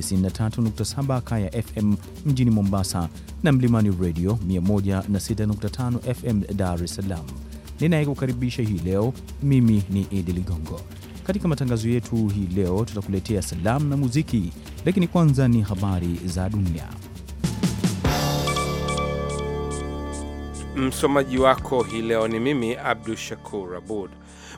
93.7 Kaya FM mjini Mombasa na Mlimani Radio 106.5 FM Dar es Salaam. Ninayekukaribisha hii leo mimi ni Idi Ligongo. Katika matangazo yetu hii leo tutakuletea salamu na muziki, lakini kwanza ni habari za dunia. Msomaji wako hii leo ni mimi Abdu Shakur Abud.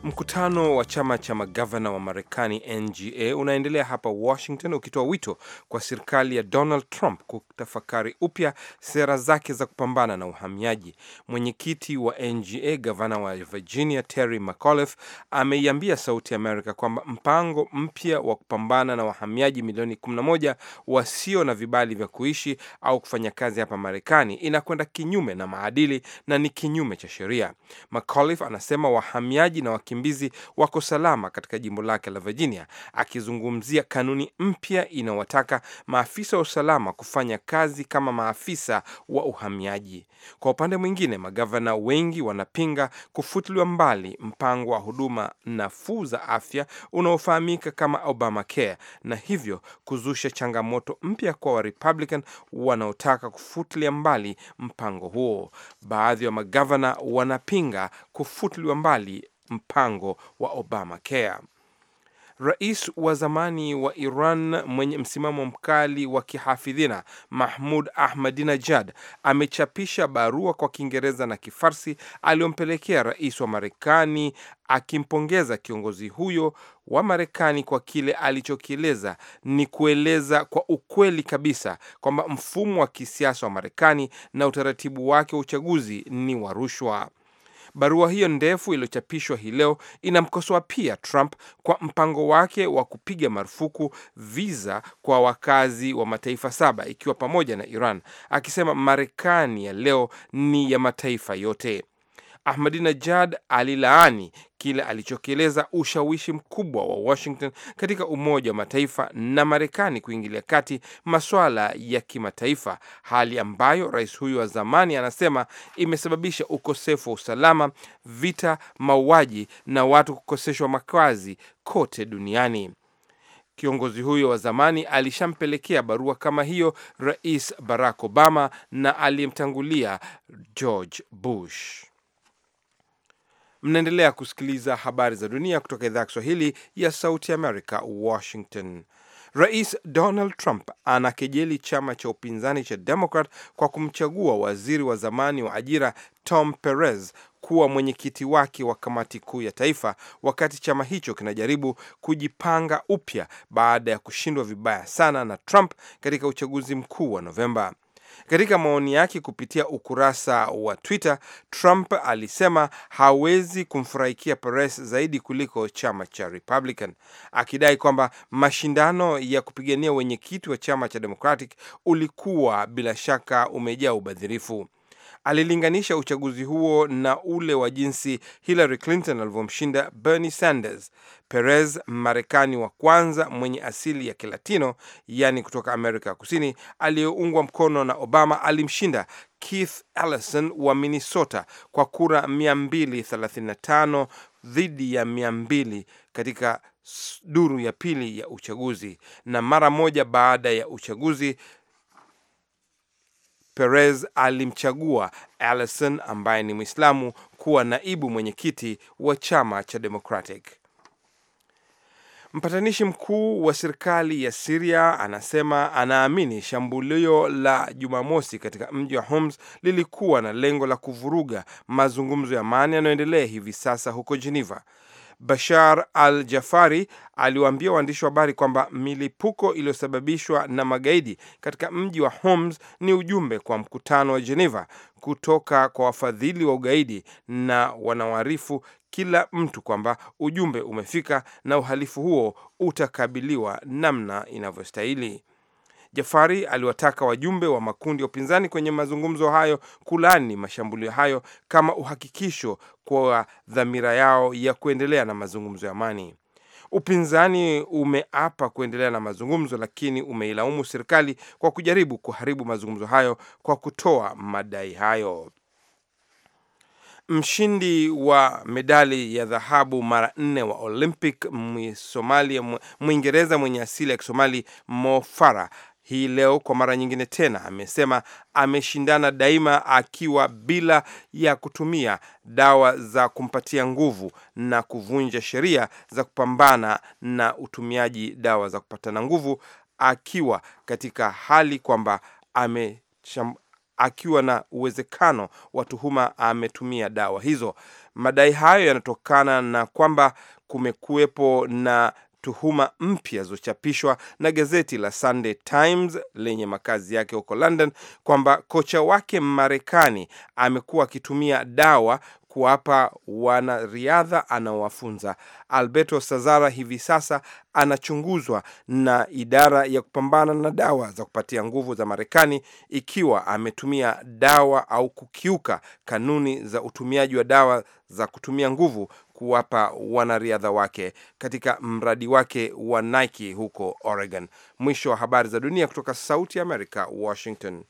Mkutano wa chama cha magavana wa Marekani NGA unaendelea hapa Washington, ukitoa wito kwa serikali ya Donald Trump kutafakari upya sera zake za kupambana na uhamiaji. Mwenyekiti wa NGA, gavana wa Virginia Terry McAuliffe, ameiambia Sauti Amerika kwamba mpango mpya wa kupambana na wahamiaji milioni 11 wasio na vibali vya kuishi au kufanya kazi hapa Marekani inakwenda kinyume na maadili na ni kinyume cha sheria. McAuliffe anasema wahamiaji na wakimbizi wako salama katika jimbo lake la Virginia, akizungumzia kanuni mpya inayowataka maafisa wa usalama kufanya kazi kama maafisa wa uhamiaji. Kwa upande mwingine, magavana wengi wanapinga kufutiliwa mbali mpango wa huduma nafuu za afya unaofahamika kama Obamacare na hivyo kuzusha changamoto mpya kwa Warepublican wanaotaka kufutilia mbali mpango huo. Baadhi ya magavana wanapinga kufutiliwa mbali mpango wa Obamacare. Rais wa zamani wa Iran mwenye msimamo mkali wa kihafidhina Mahmud Ahmadinejad amechapisha barua kwa Kiingereza na Kifarsi aliyompelekea rais wa Marekani akimpongeza kiongozi huyo wa Marekani kwa kile alichokieleza ni kueleza kwa ukweli kabisa kwamba mfumo wa kisiasa wa Marekani na utaratibu wake wa uchaguzi ni wa rushwa. Barua hiyo ndefu iliyochapishwa hii leo inamkosoa pia Trump kwa mpango wake wa kupiga marufuku viza kwa wakazi wa mataifa saba ikiwa pamoja na Iran, akisema Marekani ya leo ni ya mataifa yote. Ahmadinejad alilaani kile alichokieleza ushawishi mkubwa wa Washington katika Umoja wa Mataifa na Marekani kuingilia kati masuala ya kimataifa, hali ambayo rais huyu wa zamani anasema imesababisha ukosefu wa usalama, vita, mauaji na watu kukoseshwa makazi kote duniani. Kiongozi huyo wa zamani alishampelekea barua kama hiyo Rais Barack Obama na aliyemtangulia George Bush. Mnaendelea kusikiliza habari za dunia kutoka idhaa ya Kiswahili ya Sauti Amerika, Washington. Rais Donald Trump anakejeli chama cha upinzani cha Demokrat kwa kumchagua waziri wa zamani wa ajira Tom Perez kuwa mwenyekiti wake wa kamati kuu ya taifa, wakati chama hicho kinajaribu kujipanga upya baada ya kushindwa vibaya sana na Trump katika uchaguzi mkuu wa Novemba. Katika maoni yake kupitia ukurasa wa Twitter, Trump alisema hawezi kumfurahikia Peres zaidi kuliko chama cha Republican, akidai kwamba mashindano ya kupigania wenyekiti wa chama cha Democratic ulikuwa bila shaka umejaa ubadhirifu alilinganisha uchaguzi huo na ule wa jinsi Hillary Clinton alivyomshinda Bernie Sanders. Perez, Marekani wa kwanza mwenye asili ya Kilatino, yaani kutoka Amerika ya Kusini, aliyeungwa mkono na Obama, alimshinda Keith Ellison wa Minnesota kwa kura 235 dhidi ya 200 katika duru ya pili ya uchaguzi. Na mara moja baada ya uchaguzi Perez alimchagua Allison ambaye ni Mwislamu kuwa naibu mwenyekiti wa chama cha Democratic. Mpatanishi mkuu wa serikali ya Siria anasema anaamini shambulio la Jumamosi katika mji wa Homs lilikuwa na lengo la kuvuruga mazungumzo ya amani yanayoendelea hivi sasa huko Geneva. Bashar al Jafari aliwaambia waandishi wa habari kwamba milipuko iliyosababishwa na magaidi katika mji wa Homs ni ujumbe kwa mkutano wa Geneva kutoka kwa wafadhili wa ugaidi na wanawarifu kila mtu kwamba ujumbe umefika na uhalifu huo utakabiliwa namna inavyostahili. Jafari aliwataka wajumbe wa makundi ya upinzani kwenye mazungumzo hayo kulani mashambulio hayo kama uhakikisho kwa dhamira yao ya kuendelea na mazungumzo ya amani. Upinzani umeapa kuendelea na mazungumzo, lakini umeilaumu serikali kwa kujaribu kuharibu mazungumzo hayo kwa kutoa madai hayo. Mshindi wa medali ya dhahabu mara nne wa Olympic Mwingereza mwenye asili ya Kisomali Mofara hii leo kwa mara nyingine tena amesema ameshindana daima akiwa bila ya kutumia dawa za kumpatia nguvu na kuvunja sheria za kupambana na utumiaji dawa za kupatana nguvu akiwa katika hali kwamba ame akiwa na uwezekano wa tuhuma ametumia dawa hizo. Madai hayo yanatokana na kwamba kumekuwepo na tuhuma mpya zilizochapishwa na gazeti la Sunday Times lenye makazi yake huko London kwamba kocha wake Marekani amekuwa akitumia dawa kuwapa wanariadha anaowafunza. Alberto Sazara hivi sasa anachunguzwa na idara ya kupambana na dawa za kupatia nguvu za Marekani ikiwa ametumia dawa au kukiuka kanuni za utumiaji wa dawa za kutumia nguvu kuwapa wanariadha wake katika mradi wake wa Nike huko Oregon. Mwisho wa habari za dunia kutoka Sauti ya Amerika, Washington.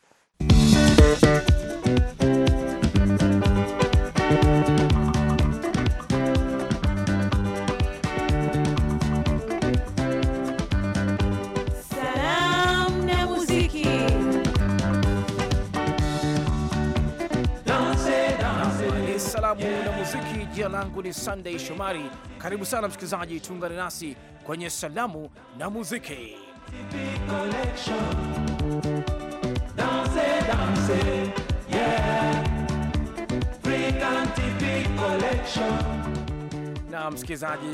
Jina langu ni Sunday Shomari. Karibu sana msikilizaji, tuungane nasi kwenye salamu na muziki. Na msikilizaji,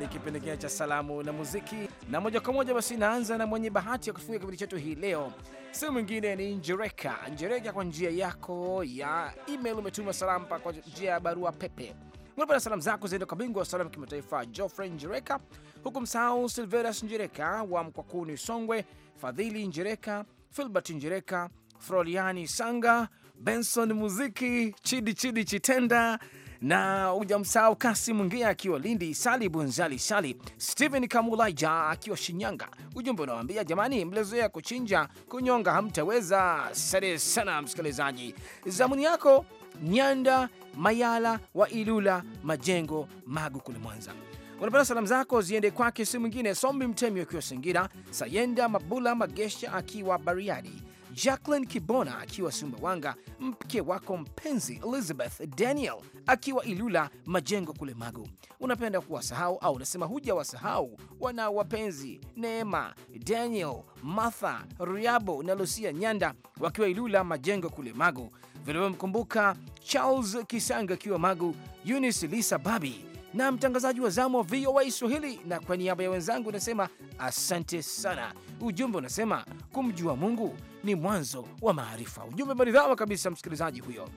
ni kipindi cha salamu na muziki, na moja kwa moja basi naanza na mwenye bahati ya kufunga kipindi chetu hii leo, sehemu mwingine ni Njereka Njereka. Kwa njia yako ya email umetuma salamu kwa njia ya barua pepe Mwapata salamu zako zaenda kwa bingwa wa salamu kimataifa Geoffrey Njereka, huku msahau Silverus Njereka wa Mkwakuni Songwe, Fadhili Njereka, Filbert Njereka, Froliani Sanga, Benson Muziki, Chidi Chidi Chitenda na hujamsahau Kasim Ngia akiwa Lindi, Sali Bunzali Sali, Steven Kamulaja akiwa Shinyanga. Ujumbe unawaambia jamani, mlezoea kuchinja kunyonga hamtaweza. Sare sana msikilizaji, zamuni yako Nyanda Mayala wa Ilula Majengo, Magu kule Mwanza. Unapata salamu zako ziende kwake, si mwingine Sombi Mtemi akiwa Singida, Sayenda Mabula Magesha akiwa Bariadi, Jacqueline Kibona akiwa Sumbawanga, mke wako mpenzi Elizabeth Daniel akiwa Ilula Majengo kule Magu. Unapenda kuwasahau au unasema huja wasahau wana wapenzi Neema Daniel, Martha Riabo na Lucia Nyanda wakiwa Ilula Majengo kule Magu vilivyomkumbuka Charles Kisanga akiwa Magu, Eunice Lisa Babi na mtangazaji wa zamu wa VOA Swahili. Na kwa niaba ya wenzangu unasema asante sana. Ujumbe unasema kumjua Mungu ni mwanzo wa maarifa. Ujumbe maridhawa kabisa, msikilizaji huyo.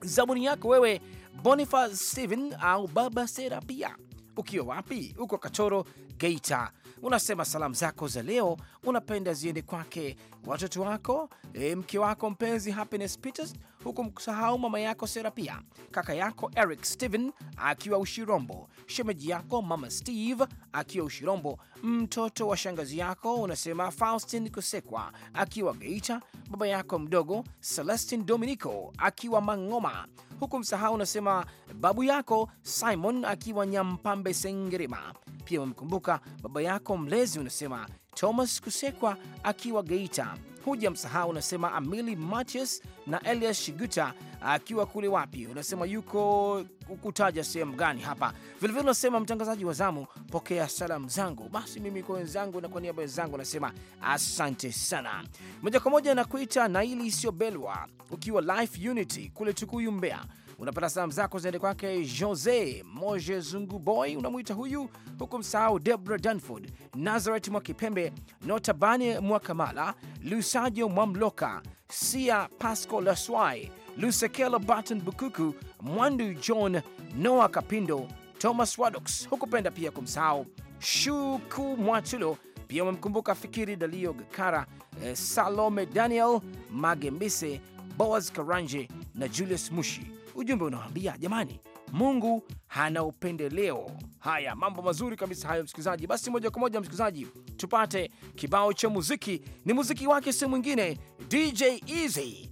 Zabuni yako wewe Boniface Steven au Baba Serapia, ukiwa wapi? Uko Katoro, Geita, unasema salamu zako za leo unapenda ziende kwake watoto wako, e, mke wako mpenzi Happiness Peters, huku msahau mama yako Serapia, kaka yako Eric Steven akiwa Ushirombo, shemeji yako mama Steve akiwa Ushirombo, mtoto wa shangazi yako unasema Faustin Kusekwa akiwa Geita, baba yako mdogo Celestin Dominico akiwa Mang'oma huku msahau unasema babu yako Simon akiwa Nyampambe Sengerema. Pia umemkumbuka baba yako mlezi unasema Thomas Kusekwa akiwa Geita. Huja msahau unasema Amili Matius na Elias Shiguta akiwa kule wapi, unasema yuko ukutaja sehemu gani hapa. Vilevile unasema mtangazaji wa zamu, pokea salamu zangu. Basi mimi kwa wenzangu na kwa niaba wenzangu nasema asante sana. Moja kwa moja nakuita Naili Siobelwa, ukiwa Life Unity kule Tukuyu, Mbeya unapata salamu zako zinaende kwake Jose Moje Zungu Boy, unamwita huyu huku msahau Debra Danford, Nazaret Mwakipembe, Notabane Mwakamala, Lusajo Mwamloka, Sia Pasco Laswai Lusekelo Barton Bukuku, Mwandu John, Noah Kapindo, Thomas Wadox. Hukupenda pia kumsahau Shuku Mwatulo, pia wamemkumbuka Fikiri Dalio Gakara, eh, Salome Daniel Magembise, Boaz Karanje na Julius Mushi. Ujumbe unawaambia jamani, Mungu hana upendeleo. Haya, mambo mazuri kabisa hayo, msikilizaji. Basi moja kwa moja, msikilizaji, tupate kibao cha muziki. Ni muziki wake si mwingine DJ Easy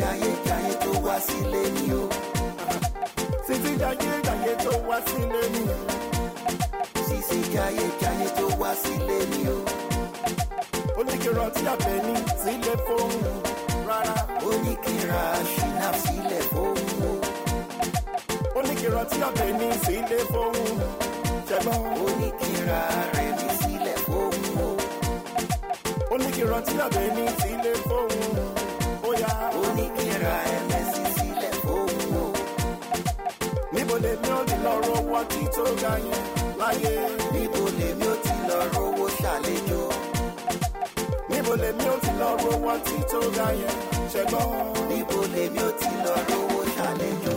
títí ayérayé tó wá sílé mi o Sisi ayérayé tó wá sílé mi o títí ayérayé tó wá sílé mi o ó ní kí n rántí àbẹ̀ní sílé fóun rárá ó ní kí n ra ṣìnà sílé fóun o ó ní kí n rántí àbẹ̀ní sílé fóun ṣẹgbọ́n ó rẹ̀ mi sílé fóun o ó ní kí n rántí sílé fóun ó ní kí n ra ẹlẹ́sìn sílẹ̀ fóun o. níbo lèmi ò ti lọ rówó ọtí tó ga yẹn láyé. níbo lèmi ò ti lọ rówó ṣàlejò. níbo lèmi ò ti lọ rówó ọtí tó ga yẹn ṣẹgbọ́n. níbo lèmi ò ti lọ rówó ṣàlejò.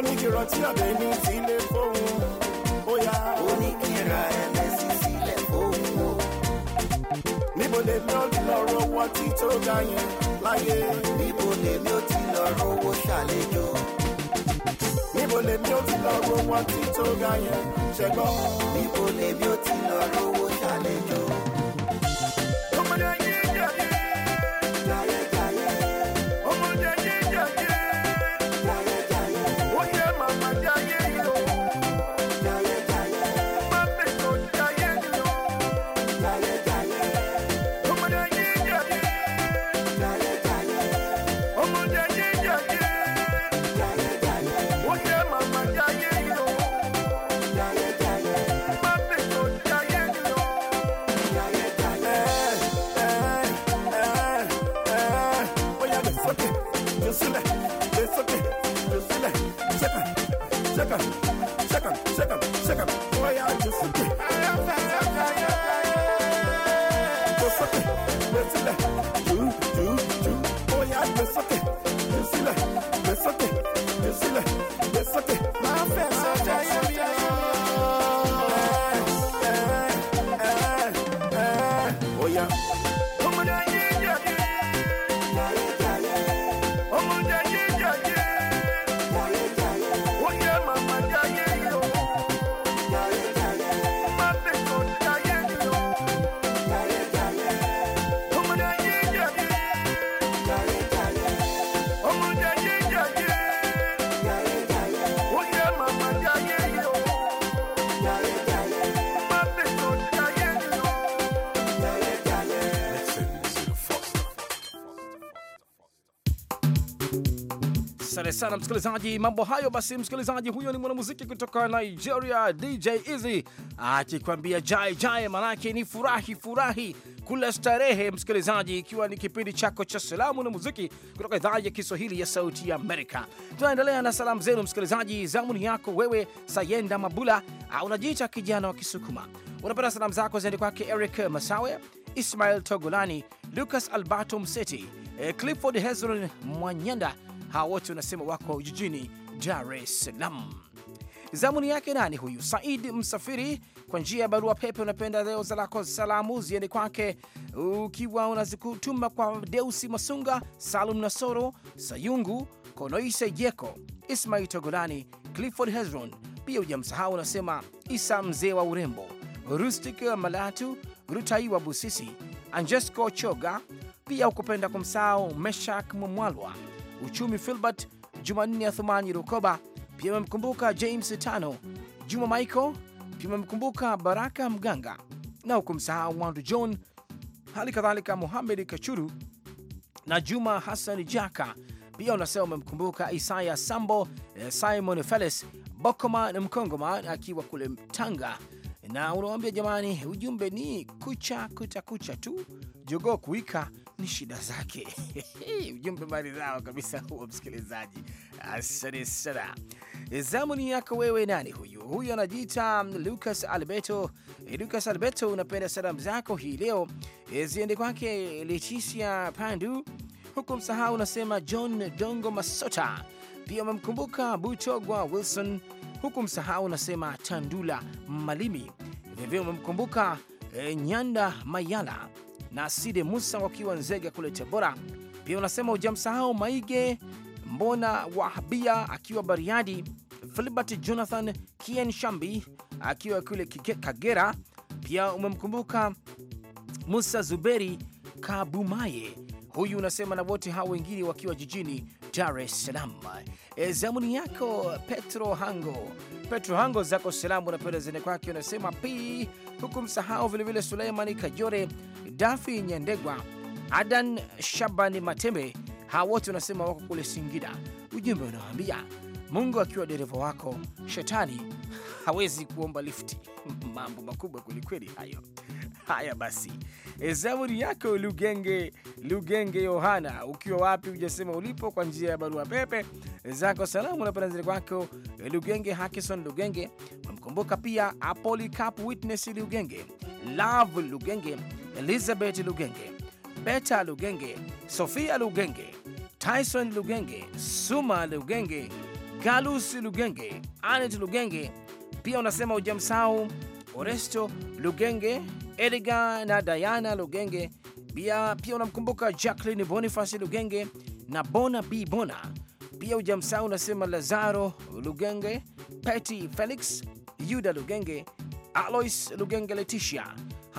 ó ní kí rántí ọ̀bẹ ní sílé fóun ó yá. ó ní kí ra ẹlẹ́sìn sílẹ̀ fóun o. níbo lèmi ó ti lọ rówó tí tó ga yẹn láyé. níbo lèmi ó ti lọ rówó ṣàlejò. níbo lèmi ó ti lọ rówó tí tó ga yẹn ṣẹgbọ́n. níbo lèmi ó ti lọ rówó ṣàlejò. sana msikilizaji, mambo hayo basi. Msikilizaji huyo ni mwanamuziki kutoka Nigeria, DJ Eazy akikwambia jai jai, manake ni furahi furahi, kula starehe. Msikilizaji, ikiwa ni kipindi chako cha salamu na muziki kutoka idhaa ya Kiswahili ya Sauti ya Amerika, tunaendelea na salamu zenu msikilizaji. Zamuni yako wewe Sayenda Mabula, unajiita kijana wa Kisukuma, unapenda salamu zako ziende kwake Eric Masawe, Ismail Togolani, Lucas Alberto Mseti, eh, Clifford Hezron Mwanyanda hawa wote unasema wako jijini Dar es Salaam. Zamuni yake nani huyu? Said Msafiri, kwa njia ya barua pepe unapenda leo za lako salamu ziende kwake ukiwa unazikutuma kwa Deusi Masunga, Salum Nasoro, Sayungu Konoise, Jeko Ismail Togolani, Clifford Hezron. Pia hujamsahau unasema Isa mzee wa urembo, rustik Malatu, Rutaiwa Busisi, Anjesco Choga. Pia ukupenda kumsahau Meshak Mumwalwa uchumi Filbert Jumanne Athumani Rukoba, pia amemkumbuka James Tano Juma Michael, pia amemkumbuka Baraka Mganga na hukumsahau Mwandu John, hali kadhalika Muhamed Kachuru na Juma Hassan Jaka. Pia unasema umemkumbuka Isaya Sambo, eh, Simon Feles Bokoma na Mkongoma akiwa kule Tanga, na unawambia jamani, ujumbe ni kucha kutakucha tu, jogoo kuwika ni shida zake. Ujumbe maridhawa kabisa huo, msikilizaji, asante sana. Zamu ni yako wewe. Nani huyu? Huyu anajiita mm, Lucas Alberto. Lucas Alberto, unapenda salamu zako hii leo eh, ziende kwake Leticia Pandu, huku msahau unasema John Dongo Masota, pia umemkumbuka Butogwa Wilson, huku msahau unasema Tandula Malimi, vilevile umemkumbuka eh, Nyanda Mayala na Aside Musa wakiwa Nzega kule Tabora. Pia unasema hujamsahau Maige Mbona Wahabia akiwa Bariadi, Filibert Jonathan Kien Shambi akiwa kule Kagera. Pia umemkumbuka Musa Zuberi Kabumaye, huyu unasema na wote hao wengine wakiwa jijini Dar es Salaam. E, zamuni yako Petro Hango, Petro Hango zako salamu na zene kwake, unasema pi huku msahau vilevile Suleimani Kajore Dafi Nyandegwa, Adan Shabani Matembe, hawa wote wanasema wako kule Singida. Ujumbe unawaambia Mungu akiwa dereva wako, shetani hawezi kuomba lifti. Mambo makubwa kwelikweli hayo. Haya basi, e, zaburi yako Lugenge Lugenge Yohana, ukiwa wapi hujasema ulipo, kwa njia ya barua pepe zako salamu na panaziri kwako e, Lugenge Hakison Lugenge. Mkumbuka pia Apolikap Witness Lugenge, Love Lugenge Elizabeth Lugenge, Beta Lugenge, Sofia Lugenge, Tyson Lugenge, Suma Lugenge, Galus Lugenge, Anet Lugenge. Pia unasema ujamsau Oresto Lugenge, Edgar na Diana Lugenge. Pia pia unamkumbuka Jacqueline Boniface Lugenge na Bona B Bona. Pia ujamsau unasema Lazaro Lugenge, Peti Felix, Yuda Lugenge, Alois Lugenge, Leticia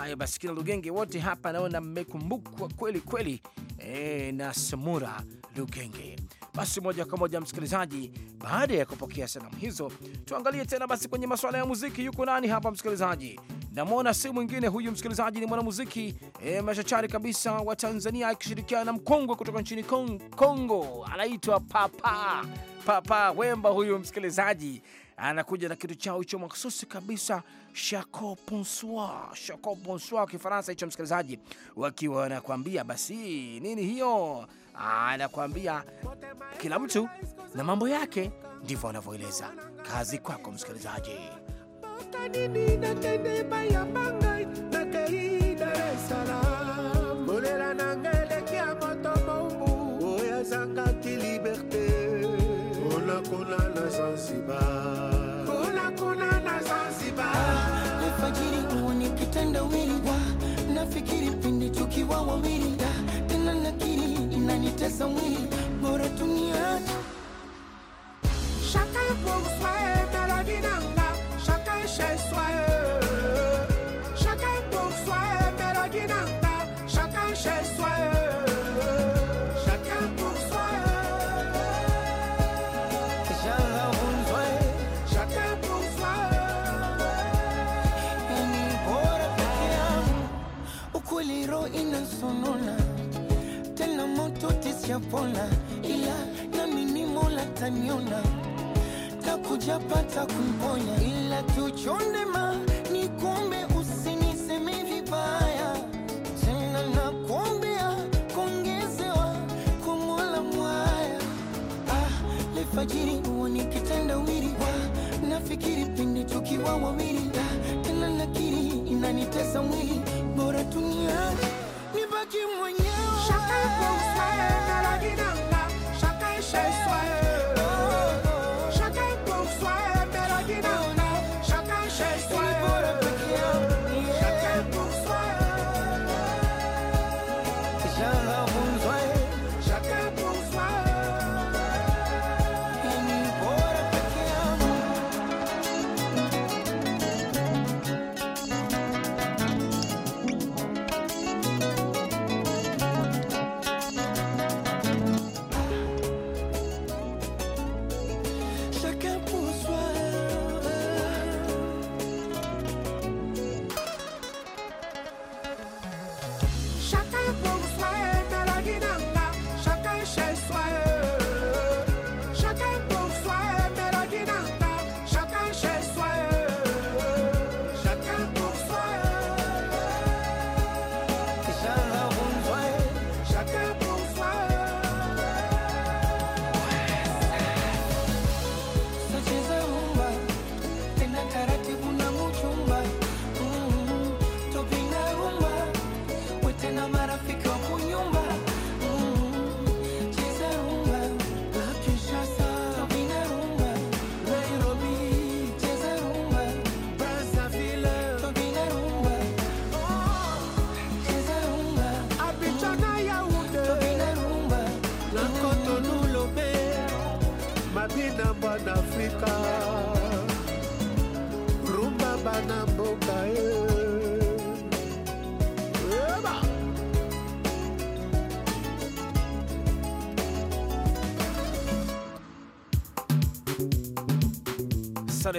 Hayo basi, kina Lugenge wote hapa naona mmekumbukwa kweli kweli, e, na Samura Lugenge. Basi moja kwa moja, msikilizaji, baada ya kupokea salamu hizo, tuangalie tena basi kwenye masuala ya muziki. Yuko nani hapa msikilizaji? Namwona si mwingine huyu msikilizaji, ni mwanamuziki e, mashachari kabisa wa Tanzania akishirikiana na mkongwe kutoka nchini Kongo, anaitwa Papa Papa Wemba. Huyu msikilizaji anakuja na kitu chao hicho mahususi kabisa, shako ponsoir, shako ponsoir Kifaransa hicho msikilizaji, wakiwa wanakuambia basi nini hiyo, anakuambia kila mtu na mambo yake, ndivyo anavyoeleza Kazi kwako msikilizaji. Zanzibari tunaonana Zanzibar. Alfajiri uone kitendawili nafikiri pindi tukiwa wawili da, tena nakiri inanitesa mwili, bora tumiane Chacun pour soi, dans la vie, dans sijapona, ila nami ni Mola taniona, takujapata kumponya, ila ma ni kuombe, usiniseme vibaya tena, nakuombea kuongezewa kwa Mola mwaya. Ah, lefajiri huwa nikitenda wili wa nafikiri pindi tukiwa wawili, ah, tena nakiri inanitesa mwili, bora tuniache de manhã. Chaka, eu sou a Chaka, eu sou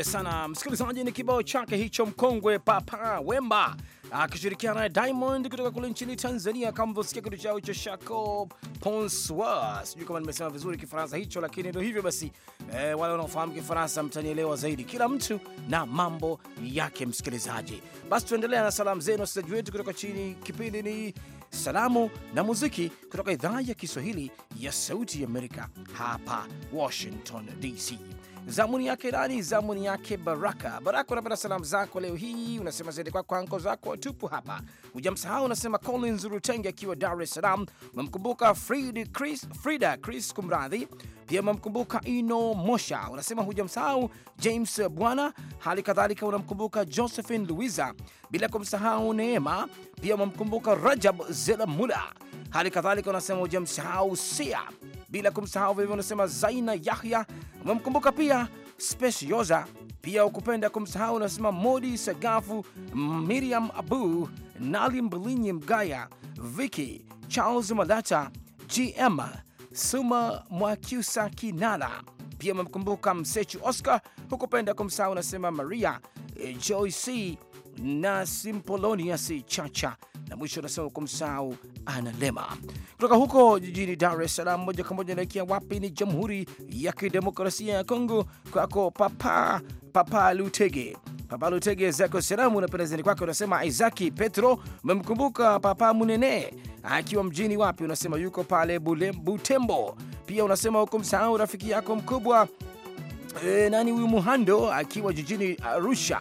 asante sana msikilizaji. Ni kibao chake hicho mkongwe Papa Wemba akishirikiana naye Diamond kutoka kule nchini Tanzania, kama mvyosikia kitu chao hicho shako Ponsoir. Sijui kama nimesema vizuri Kifaransa hicho, lakini ndio hivyo basi. E, wale wanaofahamu Kifaransa mtanielewa zaidi. Kila mtu na mambo yake, msikilizaji. Basi tuendelea na salamu zenu, wasikilizaji wetu kutoka chini. Kipindi ni salamu na muziki kutoka idhaa ya Kiswahili ya Sauti ya Amerika hapa Washington DC. Zamuni yake nani? Zamuni yake Baraka. Baraka, unapata salamu zako leo hii, unasema zaidi kwako anko zako watupu hapa, hujamsahau. Unasema Collins Rutenge akiwa Dar es Salaam, umemkumbuka Frida Chris, kumradhi, pia umemkumbuka Ino Mosha, unasema hujamsahau James Bwana, hali kadhalika unamkumbuka Josephine Louisa, bila kumsahau Neema pia wamemkumbuka Rajab Zelamula. Hali kadhalika unasema ujamsahau Sia, bila kumsahau vilivyo, unasema Zaina Yahya wamemkumbuka pia Specioza, pia ukupenda kumsahau unasema Modi Sagafu, Miriam Abu, Nali Mbilinyi, Mgaya Viki, Charles Malata, GM Suma Mwakyusa Kinana, pia wamemkumbuka Msechu Oscar, hukupenda kumsahau unasema Maria eh, Joyce na Simpolonius Chacha na mwisho anasema kumsahau analema. Kutoka huko jijini Dar es Salaam moja kwa moja naelekea wapi? Ni Jamhuri ya Kidemokrasia ya Kongo, kwako Papa Papa Lutege. Papa Lutege, zako salamu na pendezani kwake, unasema Isaki Petro umemkumbuka Papa Munene akiwa mjini wapi, unasema yuko pale Butembo. Pia unasema hukumsahau rafiki yako mkubwa e, nani huyu Muhando akiwa jijini Arusha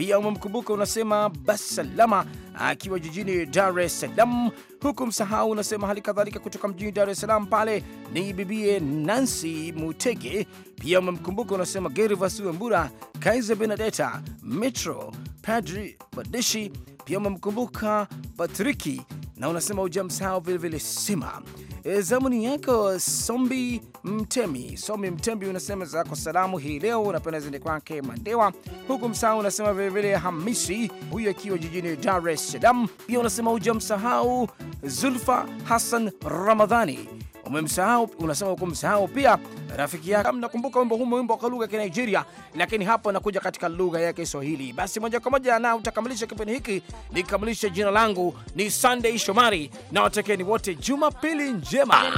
pia umemkumbuka unasema basalama akiwa jijini Dar es Salaam huku msahau unasema hali kadhalika kutoka mjini Dar es Salaam pale ni bibie Nancy Mutege. Pia umemkumbuka unasema Gervas Wambura, Kaiser Benedetta, Metro Padri Badishi. Pia umemkumbuka Patriki na unasema ujamsahau vilevile Sima. E, zamuni yako Sombi Mtemi, Sombi Mtembi unasema zako salamu hii leo unapenda zende kwake Mandewa huku msahau, unasema vilevile Hamisi huyu akiwa jijini Dar es Salaam. Pia unasema hujamsahau Zulfa Hassan Ramadhani. Umemsahau, unasema uko msahau pia rafiki yake. Mnakumbuka wimbo huu wimbo kwa lugha ya Nigeria, lakini hapo anakuja katika lugha ya Kiswahili. Basi moja kwa moja na utakamilisha kipindi hiki, nikamilishe. Jina langu ni Sunday Shomari na watekeni wote, Jumapili njema.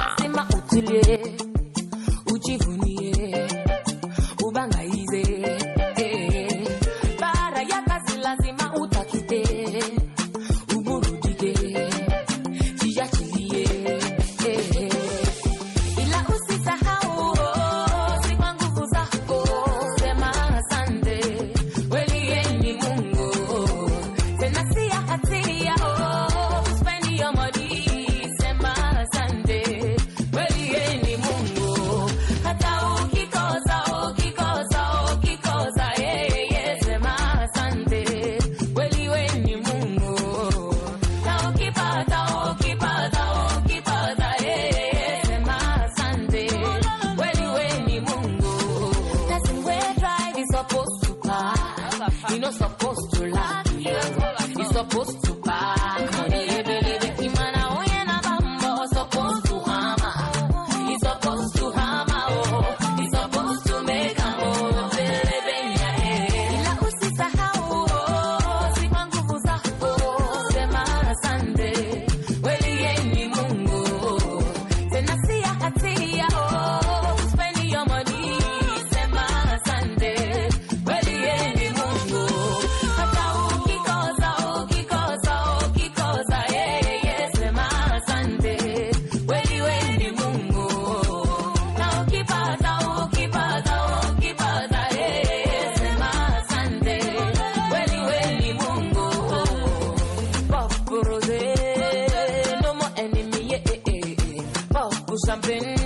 been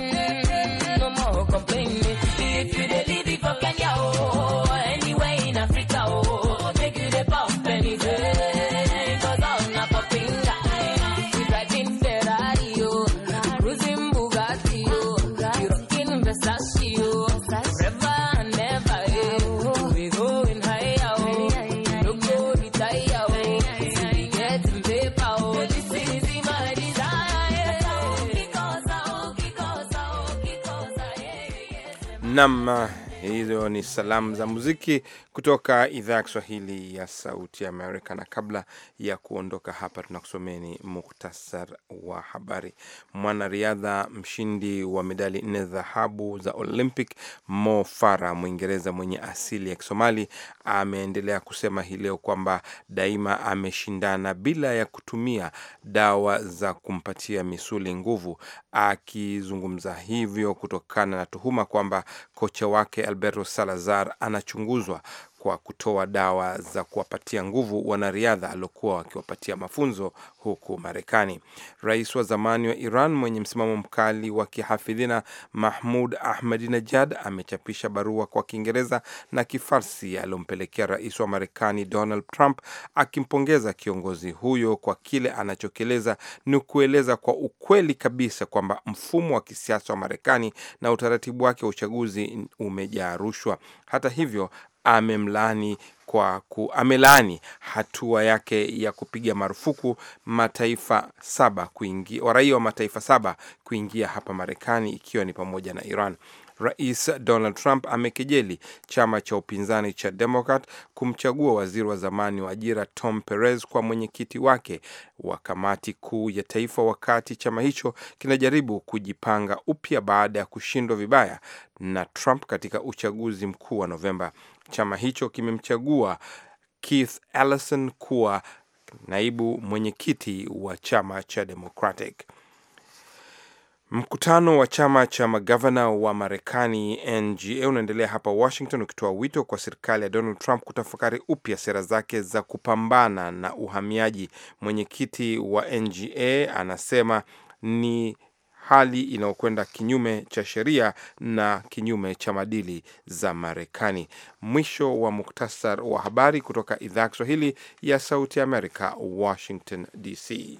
Nam, hizo ni salamu za muziki kutoka idhaa ya Kiswahili ya Sauti ya Amerika. Na kabla ya kuondoka hapa, tunakusomeni muktasar wa habari. Mwanariadha mshindi wa medali nne dhahabu za Olympic Mo Farah, Mwingereza mwenye asili ya Kisomali, ameendelea kusema hii leo kwamba daima ameshindana bila ya kutumia dawa za kumpatia misuli nguvu, akizungumza hivyo kutokana na tuhuma kwamba kocha wake Alberto Salazar anachunguzwa kwa kutoa dawa za kuwapatia nguvu wanariadha aliokuwa wakiwapatia mafunzo huku Marekani. Rais wa zamani wa Iran mwenye msimamo mkali wa kihafidhina Mahmud Ahmadinejad amechapisha barua kwa Kiingereza na Kifarsi aliompelekea rais wa Marekani Donald Trump akimpongeza kiongozi huyo kwa kile anachokieleza ni kueleza kwa ukweli kabisa kwamba mfumo wa kisiasa wa Marekani na utaratibu wake wa uchaguzi umejaa rushwa. Hata hivyo amemlani kwa ku, hatua yake ya kupiga marufuku mataifa saba kuingia, raia wa mataifa saba kuingia hapa Marekani, ikiwa ni pamoja na Iran. Rais Donald Trump amekejeli chama cha upinzani cha Demokrat kumchagua waziri wa zamani wa ajira Tom Perez kwa mwenyekiti wake wa kamati kuu ya taifa, wakati chama hicho kinajaribu kujipanga upya baada ya kushindwa vibaya na Trump katika uchaguzi mkuu wa Novemba. Chama hicho kimemchagua Keith Ellison kuwa naibu mwenyekiti wa chama cha Democratic. Mkutano wa chama cha magavana wa Marekani NGA unaendelea hapa Washington ukitoa wito kwa serikali ya Donald Trump kutafakari upya sera zake za kupambana na uhamiaji. Mwenyekiti wa NGA anasema ni hali inayokwenda kinyume cha sheria na kinyume cha maadili za Marekani. Mwisho wa muktasar wa habari kutoka idhaa ya Kiswahili ya Sauti ya Amerika, Washington DC.